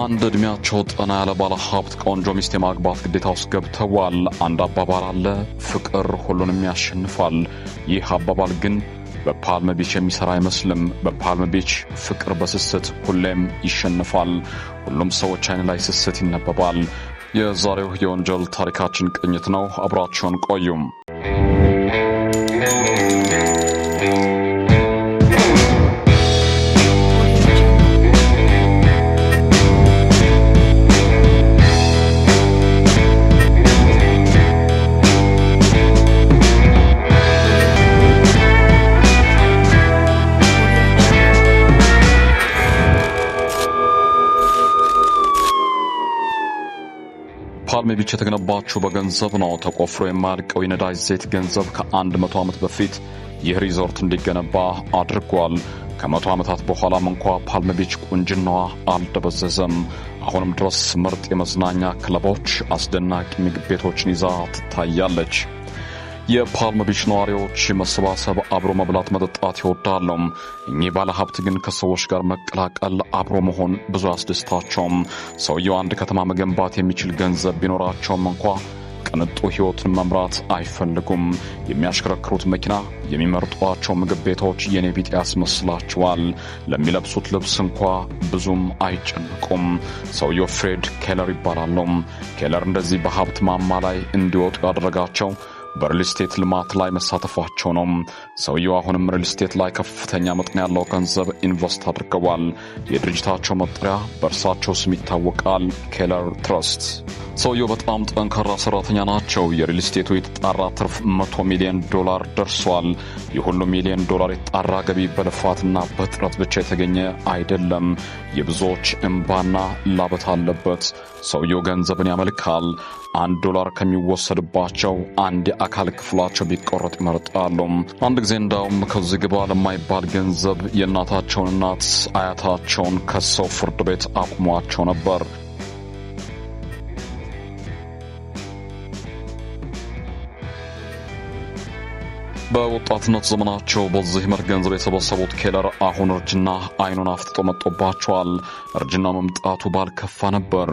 አንድ ዕድሜያቸው ጠና ያለ ባለ ሀብት ቆንጆ ሚስት የማግባት ግዴታ ውስጥ ገብተዋል። አንድ አባባል አለ፣ ፍቅር ሁሉንም ያሸንፋል። ይህ አባባል ግን በፓልም ቢች የሚሰራ አይመስልም። በፓልም ቢች ፍቅር በስስት ሁሌም ይሸንፋል። ሁሉም ሰዎች አይን ላይ ስስት ይነበባል። የዛሬው የወንጀል ታሪካችን ቅኝት ነው። አብራችሁን ቆዩም። በኤርሜቢች የተገነባችው በገንዘብ ነው። ተቆፍሮ የማያልቀው የነዳጅ ዘይት ገንዘብ ከ100 ዓመት በፊት ይህ ሪዞርት እንዲገነባ አድርጓል። ከመቶ ዓመታት በኋላም እንኳ ፓልም ቢች ቁንጅናዋ አልደበዘዘም። አሁንም ድረስ ምርጥ የመዝናኛ ክለቦች፣ አስደናቂ ምግብ ቤቶችን ይዛ ትታያለች። የፓልም ቢች ነዋሪዎች መሰባሰብ፣ አብሮ መብላት፣ መጠጣት ይወዳሉ። እኚህ ባለሀብት ግን ከሰዎች ጋር መቀላቀል፣ አብሮ መሆን ብዙ አያስደስታቸውም። ሰውየው አንድ ከተማ መገንባት የሚችል ገንዘብ ቢኖራቸውም እንኳ ቅንጡ ህይወትን መምራት አይፈልጉም። የሚያሽከረክሩት መኪና፣ የሚመርጧቸው ምግብ ቤቶች የኔ ቢጤ ያስመስላቸዋል። ለሚለብሱት ልብስ እንኳ ብዙም አይጨንቁም። ሰውየው ፍሬድ ኬለር ይባላሉ። ኬለር እንደዚህ በሀብት ማማ ላይ እንዲወጡ ያደረጋቸው በሪልስቴት ልማት ላይ መሳተፏቸው ነው። ሰውየው አሁንም ሪልስቴት ላይ ከፍተኛ መጠን ያለው ገንዘብ ኢንቨስት አድርገዋል። የድርጅታቸው መጠሪያ በእርሳቸው ስም ይታወቃል፣ ኬለር ትረስት። ሰውየው በጣም ጠንካራ ሰራተኛ ናቸው። የሪልስቴቱ የተጣራ ትርፍ 100 ሚሊዮን ዶላር ደርሷል። የሁሉ ሚሊዮን ዶላር የተጣራ ገቢ በልፋትና በጥረት ብቻ የተገኘ አይደለም። የብዙዎች እምባና ላበት አለበት። ሰውየው ገንዘብን ያመልካል። አንድ ዶላር ከሚወሰድባቸው አንድ አካል ክፍላቸው ቢቆረጥ ይመርጣሉ። አንድ ጊዜ እንዳውም ከዚህ ግባ ለማይባል ገንዘብ የእናታቸውን እናት አያታቸውን ከሰው ፍርድ ቤት አቁሟቸው ነበር። በወጣትነት ዘመናቸው በዚህ ገንዘብ የሰበሰቡት ኬለር አሁን እርጅና አይኑን አፍጥጦ መጥቶባቸዋል። እርጅና መምጣቱ ባልከፋ ነበር።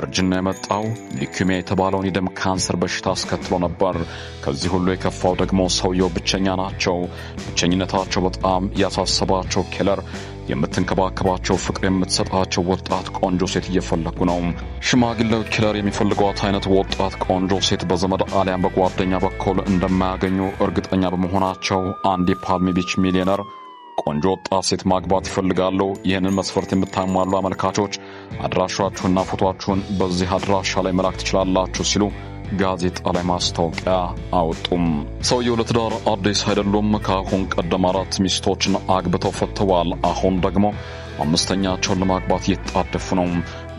እርጅና የመጣው ሊኪሚያ የተባለውን የደም ካንሰር በሽታ አስከትሎ ነበር። ከዚህ ሁሉ የከፋው ደግሞ ሰውየው ብቸኛ ናቸው። ብቸኝነታቸው በጣም ያሳሰባቸው ኬለር የምትንከባከባቸው ፍቅር የምትሰጣቸው ወጣት ቆንጆ ሴት እየፈለግኩ ነው። ሽማግሌው ኪለር የሚፈልጓት አይነት ወጣት ቆንጆ ሴት በዘመድ አሊያም በጓደኛ በኩል እንደማያገኙ እርግጠኛ በመሆናቸው አንድ የፓልሚ ቢች ሚሊዮነር ቆንጆ ወጣት ሴት ማግባት ይፈልጋሉ። ይህንን መስፈርት የምታሟሉ አመልካቾች አድራሻችሁና ፎቶችሁን በዚህ አድራሻ ላይ መላክ ትችላላችሁ ሲሉ ጋዜጣ ላይ ማስታወቂያ አወጡም። ሰውየው ለትዳር አዲስ አይደሉም። ከአሁን ቀደም አራት ሚስቶችን አግብተው ፈትተዋል። አሁን ደግሞ አምስተኛቸውን ለማግባት እየተጣደፉ ነው።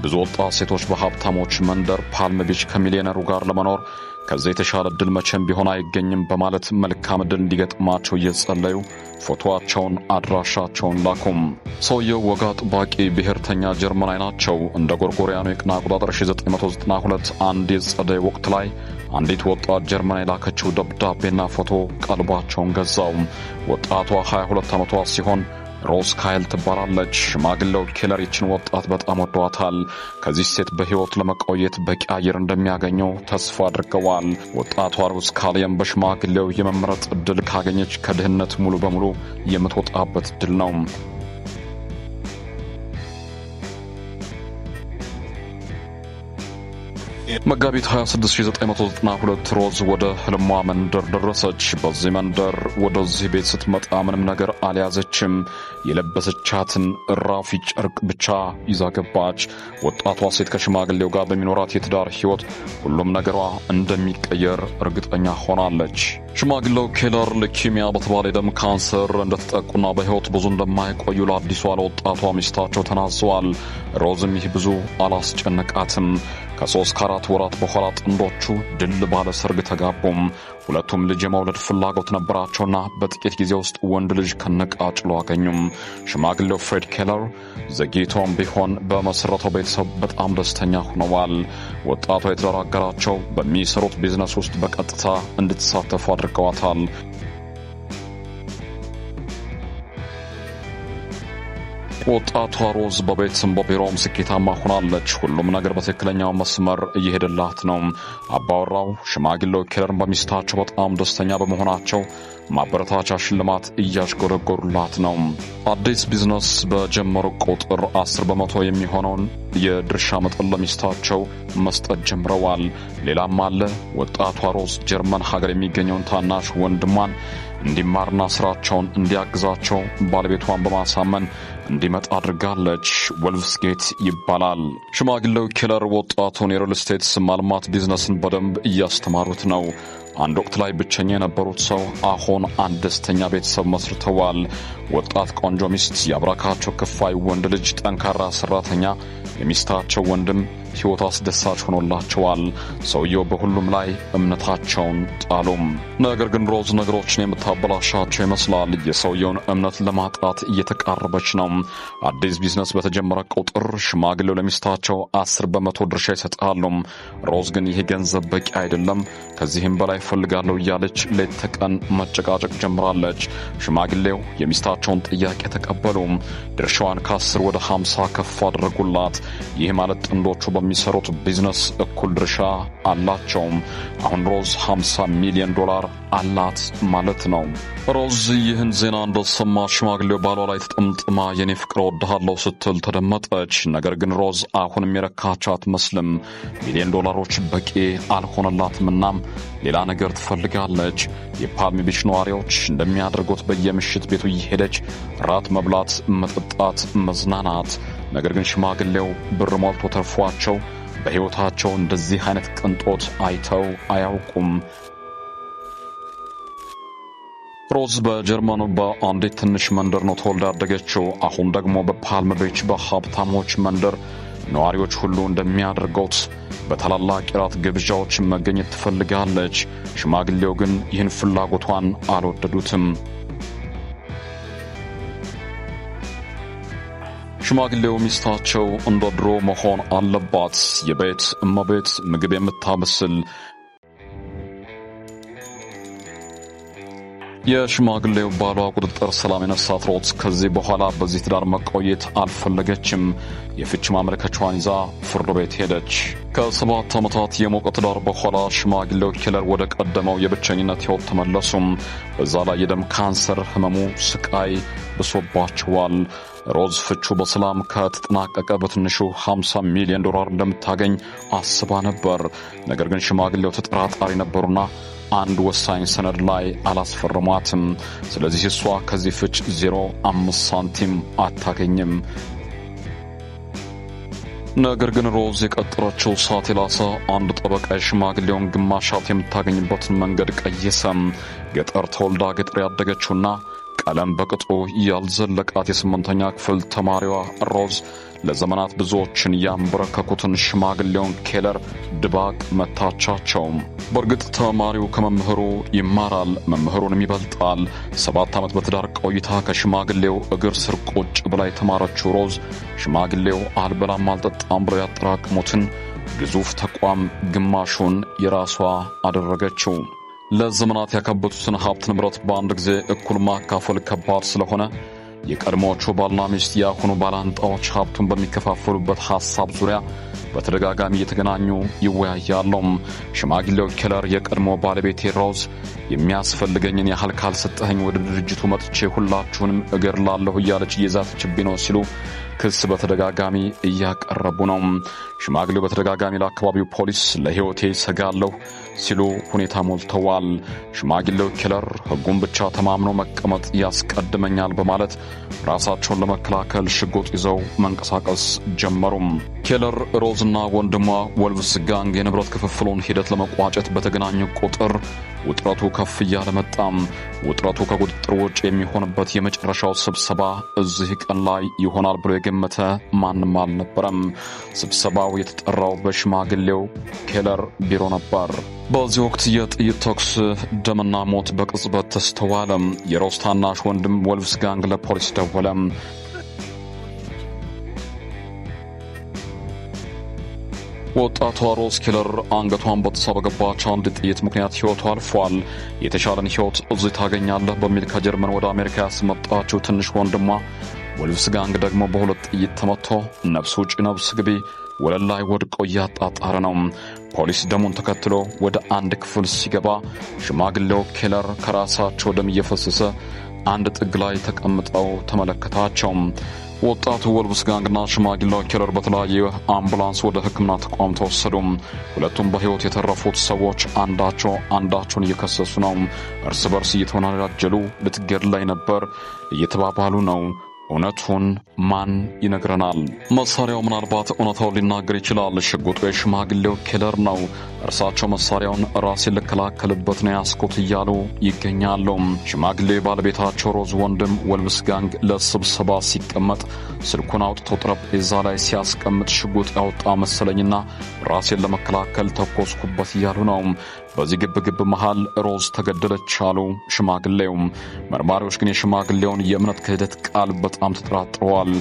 ብዙ ወጣት ሴቶች በሀብታሞች መንደር ፓልም ቢች ከሚሊዮነሩ ጋር ለመኖር ከዚህ የተሻለ እድል መቼም ቢሆን አይገኝም በማለት መልካም ድል እንዲገጥማቸው እየጸለዩ ፎቶቸውን አድራሻቸውን ላኩም። ሰውየው ወግ አጥባቂ ብሔርተኛ ጀርመናዊ ናቸው። እንደ ጎርጎሪያኑ የቀን አቆጣጠር 1992 አንድ የጸደይ ወቅት ላይ አንዲት ወጣት ጀርመና የላከችው ደብዳቤና ፎቶ ቀልባቸውን ገዛው። ወጣቷ 22 ዓመቷ ሲሆን ሮዝ ካይል ትባላለች። ሽማግሌው ኬለር ይችን ወጣት በጣም ወደዋታል። ከዚህ ሴት በሕይወት ለመቆየት በቂ አየር እንደሚያገኘው ተስፋ አድርገዋል። ወጣቷ ሮዝ ካሊየም በሽማግሌው የመመረጥ ዕድል ካገኘች ከድህነት ሙሉ በሙሉ የምትወጣበት እድል ነው። መጋቢት 26992 ሮዝ ወደ ህልሟ መንደር ደረሰች። በዚህ መንደር ወደዚህ ቤት ስትመጣ ምንም ነገር አልያዘችም። የለበሰቻትን እራፊ ጨርቅ ብቻ ይዛ ገባች። ወጣቷ ሴት ከሽማግሌው ጋር በሚኖራት የትዳር ህይወት ሁሉም ነገሯ እንደሚቀየር እርግጠኛ ሆናለች። ሽማግሌው ኬለር ሊኪሚያ በተባለ የደም ካንሰር እንደተጠቁና በህይወት ብዙ እንደማይቆዩ ለአዲሷ ለወጣቷ ሚስታቸው ተናዘዋል። ሮዝም ይህ ብዙ አላስጨነቃትም። ከሦስት ከአራት ወራት በኋላ ጥንዶቹ ድል ባለ ሰርግ ተጋቡም። ሁለቱም ልጅ የመውለድ ፍላጎት ነበራቸውና በጥቂት ጊዜ ውስጥ ወንድ ልጅ ከነቃጭሎ አገኙም። ሽማግሌው ፍሬድ ኬለር ዘግይቶም ቢሆን በመሠረተው ቤተሰብ በጣም ደስተኛ ሆነዋል። ወጣቷ የተደራገራቸው በሚሰሩት ቢዝነስ ውስጥ በቀጥታ እንድትሳተፉ አድርገዋታል። ወጣቷ ሮዝ በቤትም በቢሮውም ስኬታማ ሆናለች። ሁሉም ነገር በትክክለኛው መስመር እየሄደላት ነው። አባወራው ሽማግሌው ኬለር በሚስታቸው በጣም ደስተኛ በመሆናቸው ማበረታቻ ሽልማት እያሽጎረጎሩላት ነው። አዲስ ቢዝነስ በጀመሩ ቁጥር 10 በመቶ የሚሆነውን የድርሻ መጠን ለሚስታቸው መስጠት ጀምረዋል። ሌላም አለ። ወጣቷ ሮዝ ጀርመን ሀገር የሚገኘውን ታናሽ ወንድሟን እንዲማርና ስራቸውን እንዲያግዛቸው ባለቤቷን በማሳመን እንዲመጣ አድርጋለች። ጌት ይባላል። ሽማግሌው ኪለር ወጣቱን የሪል ስቴትስ ማልማት ቢዝነስን በደንብ እያስተማሩት ነው። አንድ ወቅት ላይ ብቸኛ የነበሩት ሰው አሁን አንድ ደስተኛ ቤተሰብ መስርተዋል። ወጣት ቆንጆ ሚስት፣ የአብራካቸው ክፋይ ወንድ ልጅ፣ ጠንካራ ሰራተኛ፣ የሚስታቸው ወንድም ሕይወት አስደሳች ሆኖላቸዋል። ሰውየው በሁሉም ላይ እምነታቸውን ጣሉም። ነገር ግን ሮዝ ነገሮችን የምታበላሻቸው ይመስላል። የሰውየውን እምነት ለማጣት እየተቃረበች ነው። አዲስ ቢዝነስ በተጀመረ ቁጥር ሽማግሌው ለሚስታቸው አስር በመቶ ድርሻ ይሰጣሉ። ሮዝ ግን ይህ ገንዘብ በቂ አይደለም፣ ከዚህም በላይ ፈልጋለሁ እያለች ሌት ተቀን መጨቃጨቅ ጀምራለች። ሽማግሌው የሚስታቸውን ጥያቄ ተቀበሉ። ድርሻዋን ከአስር ወደ ሃምሳ ከፍ አደረጉላት። ይህ ማለት ጥንዶቹ በሚሰሩት ቢዝነስ እኩል ድርሻ አላቸውም። አሁን ሮዝ 50 ሚሊዮን ዶላር አላት ማለት ነው። ሮዝ ይህን ዜና እንደሰማ ሽማግሌው ባሏ ላይ ተጠምጥማ የኔ ፍቅር ወድሃለሁ ስትል ተደመጠች። ነገር ግን ሮዝ አሁን የሚረካቸው አትመስልም። ሚሊዮን ዶላሮች በቂ አልሆነላትምና ሌላ ነገር ትፈልጋለች። የፓልሚ ቢች ነዋሪዎች እንደሚያደርጉት በየምሽት ቤቱ እየሄደች ራት መብላት፣ መጠጣት፣ መዝናናት ነገር ግን ሽማግሌው ብር ሞልቶ ተርፏቸው በሕይወታቸው እንደዚህ አይነት ቅንጦት አይተው አያውቁም። ሮዝ በጀርመኑ በአንዲት ትንሽ መንደር ነው ተወልደ ያደገችው። አሁን ደግሞ በፓልም ቤች በሀብታሞች መንደር ነዋሪዎች ሁሉ እንደሚያደርገውት በታላላቅ የራት ግብዣዎች መገኘት ትፈልጋለች። ሽማግሌው ግን ይህን ፍላጎቷን አልወደዱትም። ሽማግሌው ሚስታቸው እንደ ድሮ መሆን አለባት። የቤት እመቤት ምግብ የምታበስል የሽማግሌው ባሏ ቁጥጥር ሰላም የነፍሳት ሮት ከዚህ በኋላ በዚህ ትዳር መቆየት አልፈለገችም። የፍች ማመልከቻዋን ይዛ ፍርድ ቤት ሄደች። ከሰባት ዓመታት የሞቀ ትዳር በኋላ ሽማግሌው ኪለር ወደ ቀደመው የብቸኝነት ሕይወት ተመለሱም። በዛ ላይ የደም ካንሰር ህመሙ ስቃይ ብሶባቸዋል። ሮዝ ፍቹ በሰላም ከተጠናቀቀ በትንሹ 50 ሚሊዮን ዶላር እንደምታገኝ አስባ ነበር። ነገር ግን ሽማግሌው ተጠራጣሪ ነበሩና አንድ ወሳኝ ሰነድ ላይ አላስፈረሟትም። ስለዚህ እሷ ከዚህ ፍች 05 ሳንቲም አታገኝም። ነገር ግን ሮዝ የቀጠረችው ሳት የላሰ አንድ ጠበቃ የሽማግሌውን ግማሻት የምታገኝበትን መንገድ ቀየሰም። ገጠር ተወልዳ ገጠር ያደገችውና ቀለም በቅጡ ያልዘለቃት የስምንተኛ ክፍል ተማሪዋ ሮዝ ለዘመናት ብዙዎችን ያንበረከኩትን ሽማግሌውን ኬለር ድባቅ መታቻቸውም። በእርግጥ ተማሪው ከመምህሩ ይማራል፣ መምህሩንም ይበልጣል። ሰባት ዓመት በትዳር ቆይታ ከሽማግሌው እግር ስር ቁጭ ብላ የተማረችው ሮዝ ሽማግሌው አልበላም አልጠጣም ብለው ያጠራቅሙትን ግዙፍ ተቋም ግማሹን የራሷ አደረገችው። ለዘመናት ያካበቱትን ሀብት ንብረት በአንድ ጊዜ እኩል ማካፈል ከባድ ስለሆነ የቀድሞዎቹ ባልና ሚስት የአሁኑ ባላንጣዎች ሀብቱን በሚከፋፈሉበት ሐሳብ ዙሪያ በተደጋጋሚ እየተገናኙ ይወያያሉ። ሽማግሌው ኬለር የቀድሞ ባለቤቴ ሮዝ የሚያስፈልገኝን ያህል ካልሰጠኸኝ ወደ ድርጅቱ መጥቼ ሁላችሁንም እገድላለሁ እያለች እየዛተችብኝ ነው ሲሉ ክስ በተደጋጋሚ እያቀረቡ ነው። ሽማግሌው በተደጋጋሚ ለአካባቢው ፖሊስ ለሕይወቴ ሰጋለሁ ሲሉ ሁኔታ ሞልተዋል። ሽማግሌው ኬለር ሕጉን ብቻ ተማምኖ መቀመጥ ያስቀድመኛል በማለት ራሳቸውን ለመከላከል ሽጉጥ ይዘው መንቀሳቀስ ጀመሩም። ኬለር ሮዝ ሮዝና ወንድሟ ወልቭስ ጋንግ የንብረት ክፍፍሉን ሂደት ለመቋጨት በተገናኙ ቁጥር ውጥረቱ ከፍ እያለ መጣም። ውጥረቱ ከቁጥጥር ውጭ የሚሆንበት የመጨረሻው ስብሰባ እዚህ ቀን ላይ ይሆናል ብሎ የገመተ ማንም አልነበረም። ስብሰባው የተጠራው በሽማግሌው ኬለር ቢሮ ነበር። በዚህ ወቅት የጥይት ተኩስ፣ ደምና ሞት በቅጽበት ተስተዋለም የሮዝ ታናሽ ወንድም ወልቭስ ጋንግ ለፖሊስ ደወለም። ወጣቷ ሮዝ ኪለር አንገቷን በጥሳ በገባች አንድ ጥይት ምክንያት ህይወቱ አልፏል። የተሻለን ህይወት እዚህ ታገኛለህ በሚል ከጀርመን ወደ አሜሪካ ያስመጣችው ትንሽ ወንድሟ ወልፍስ ጋንግ ደግሞ በሁለት ጥይት ተመትቶ ነፍስ ውጪ ነፍስ ግቢ ወለል ላይ ወድቆ እያጣጣረ ነው። ፖሊስ ደሙን ተከትሎ ወደ አንድ ክፍል ሲገባ ሽማግሌው ኬለር ከራሳቸው ደም እየፈሰሰ አንድ ጥግ ላይ ተቀምጠው ተመለከታቸው። ወጣቱ ወልብስ ጋንግና ሽማግሌው ኪለር በተለያየ አምቡላንስ ወደ ሕክምና ተቋም ተወሰዱ። ሁለቱም በሕይወት የተረፉት ሰዎች አንዳቸው አንዳቸውን እየከሰሱ ነው። እርስ በርስ እየተወናጃጀሉ ላይ ነበር እየተባባሉ ነው። እውነቱን ማን ይነግረናል? መሳሪያው ምናልባት እውነታውን ሊናገር ይችላል። ሽጉጡ የሽማግሌው ኬለር ነው። እርሳቸው መሳሪያውን ራሴን ልከላከልበት ነው ያስኩት እያሉ ይገኛሉ። ሽማግሌ ባለቤታቸው ሮዝ ወንድም ወልብስ ጋንግ ለስብሰባ ሲቀመጥ ስልኩን አውጥቶ ጠረጴዛ ላይ ሲያስቀምጥ ሽጉጥ ያወጣ መሰለኝና ራሴን ለመከላከል ተኮስኩበት እያሉ ነው። በዚህ ግብግብ መሃል ሮዝ ተገደለች አሉ ሽማግሌውም። መርማሪዎች ግን የሽማግሌውን የእምነት ክህደት ቃል በጣም ተጠራጥረዋል።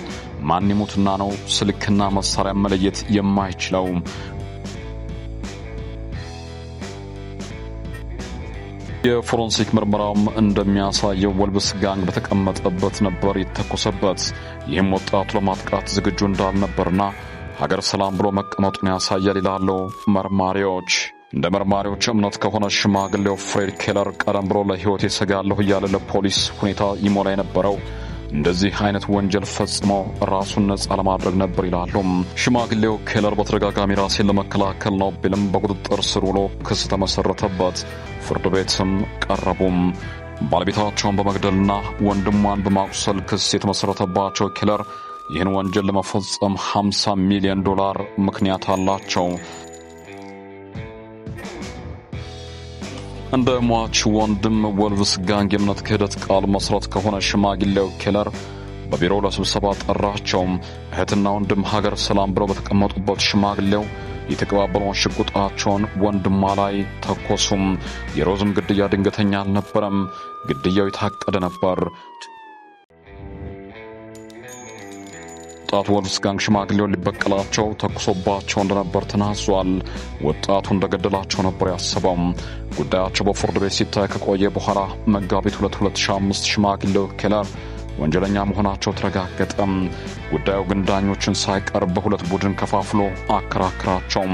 ማን ይሙትና ነው ስልክና መሳሪያ መለየት የማይችለው? የፎረንሲክ ምርመራም እንደሚያሳየው ወልብስ ጋንግ በተቀመጠበት ነበር የተኮሰበት። ይህም ወጣቱ ለማጥቃት ዝግጁ እንዳልነበርና ሀገር ሰላም ብሎ መቀመጡን ያሳያል ይላሉ መርማሪዎች። እንደ መርማሪዎች እምነት ከሆነ ሽማግሌው ፍሬድ ኬለር ቀደም ብሎ ለሕይወት የሰጋለሁ እያለ ለፖሊስ ሁኔታ ይሞላ የነበረው እንደዚህ አይነት ወንጀል ፈጽሞ ራሱን ነፃ ለማድረግ ነበር ይላሉ። ሽማግሌው ኬለር በተደጋጋሚ ራሴን ለመከላከል ነው ቢልም በቁጥጥር ስር ውሎ ክስ ተመሠረተበት። ፍርድ ቤትም ቀረቡም። ባለቤታቸውን በመግደልና ወንድሟን በማቁሰል ክስ የተመሠረተባቸው ኬለር ይህን ወንጀል ለመፈጸም 50 ሚሊዮን ዶላር ምክንያት አላቸው። እንደ ሟች ወንድም ወልቭስ ጋንግ የእምነት ክህደት ቃል መሥረት ከሆነ ሽማግሌው ኬለር በቢሮው ለስብሰባ ጠራቸውም። እህትና ወንድም ሀገር ሰላም ብለው በተቀመጡበት ሽማግሌው የተቀባበለውን ሽጉጣቸውን ወንድሟ ላይ ተኮሱም። የሮዝም ግድያ ድንገተኛ አልነበረም። ግድያው የታቀደ ነበር። ወጣቱ ወልፍጋንግ ሽማግሌውን ሊበቀላቸው ተኩሶባቸው እንደነበር ተናዟል። ወጣቱ እንደገደላቸው ነበር ያሰበው። ጉዳያቸው በፍርድ ቤት ሲታይ ከቆየ በኋላ መጋቢት 2 2005 ሽማግሌው ኬለር ወንጀለኛ መሆናቸው ተረጋገጠ። ጉዳዩ ግን ዳኞችን ሳይቀር በሁለት ቡድን ከፋፍሎ አከራክራቸው።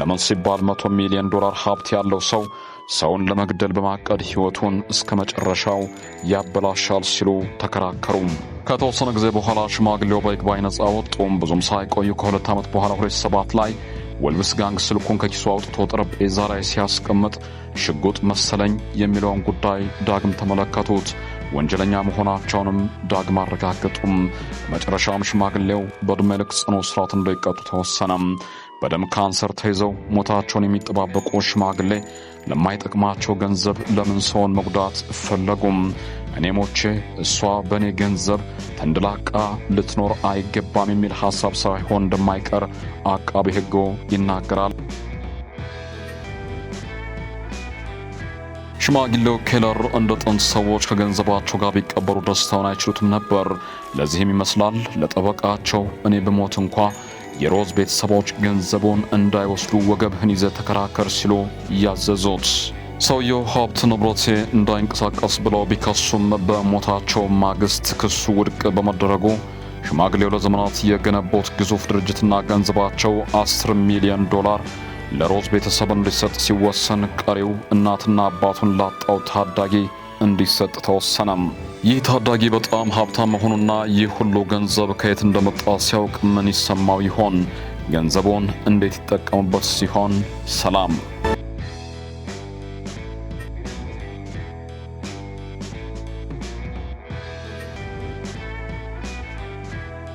ለምን ሲባል መቶ ሚሊዮን ዶላር ሀብት ያለው ሰው ሰውን ለመግደል በማቀድ ሕይወቱን እስከ መጨረሻው ያበላሻል ሲሉ ተከራከሩም። ከተወሰነ ጊዜ በኋላ ሽማግሌው በይግባኝ ነጻ ወጡም። ብዙም ሳይቆዩ ከሁለት ዓመት በኋላ ሁለት ሰባት ላይ ወልብስ ጋንግ ስልኩን ከኪሱ አውጥቶ ጠረጴዛ ላይ ሲያስቀምጥ ሽጉጥ መሰለኝ የሚለውን ጉዳይ ዳግም ተመለከቱት። ወንጀለኛ መሆናቸውንም ዳግም አረጋገጡም። መጨረሻም ሽማግሌው በዕድሜ ልክ ጽኑ እስራት እንዲቀጡ ተወሰነም። በደም ካንሰር ተይዘው ሞታቸውን የሚጠባበቁ ሽማግሌ ለማይጠቅማቸው ገንዘብ ለምን ሰውን መጉዳት ፈለጉም? እኔ ሞቼ እሷ በእኔ ገንዘብ ተንደላቃ ልትኖር አይገባም የሚል ሐሳብ ሳይሆን እንደማይቀር አቃቢ ሕጉ ይናገራል። ሽማግሌው ኬለር እንደ ጥንት ሰዎች ከገንዘባቸው ጋር ቢቀበሩ ደስታውን አይችሉትም ነበር። ለዚህም ይመስላል ለጠበቃቸው እኔ ብሞት እንኳ የሮዝ ቤተሰቦች ገንዘቡን እንዳይወስዱ ወገብህን ይዘ ተከራከር ሲሉ ያዘዙት። ሰውየው ሀብት ንብረቴ እንዳይንቀሳቀስ ብለው ቢከሱም በሞታቸው ማግስት ክሱ ውድቅ በመደረጉ ሽማግሌው ለዘመናት የገነቦት ግዙፍ ድርጅትና ገንዘባቸው 10 ሚሊዮን ዶላር ለሮዝ ቤተሰብ እንዲሰጥ ሲወሰን ቀሪው እናትና አባቱን ላጣው ታዳጊ እንዲሰጥ ተወሰነም። ይህ ታዳጊ በጣም ሀብታም መሆኑና ይህ ሁሉ ገንዘብ ከየት እንደመጣ ሲያውቅ ምን ይሰማው ይሆን? ገንዘቡን እንዴት ይጠቀሙበት ሲሆን ሰላም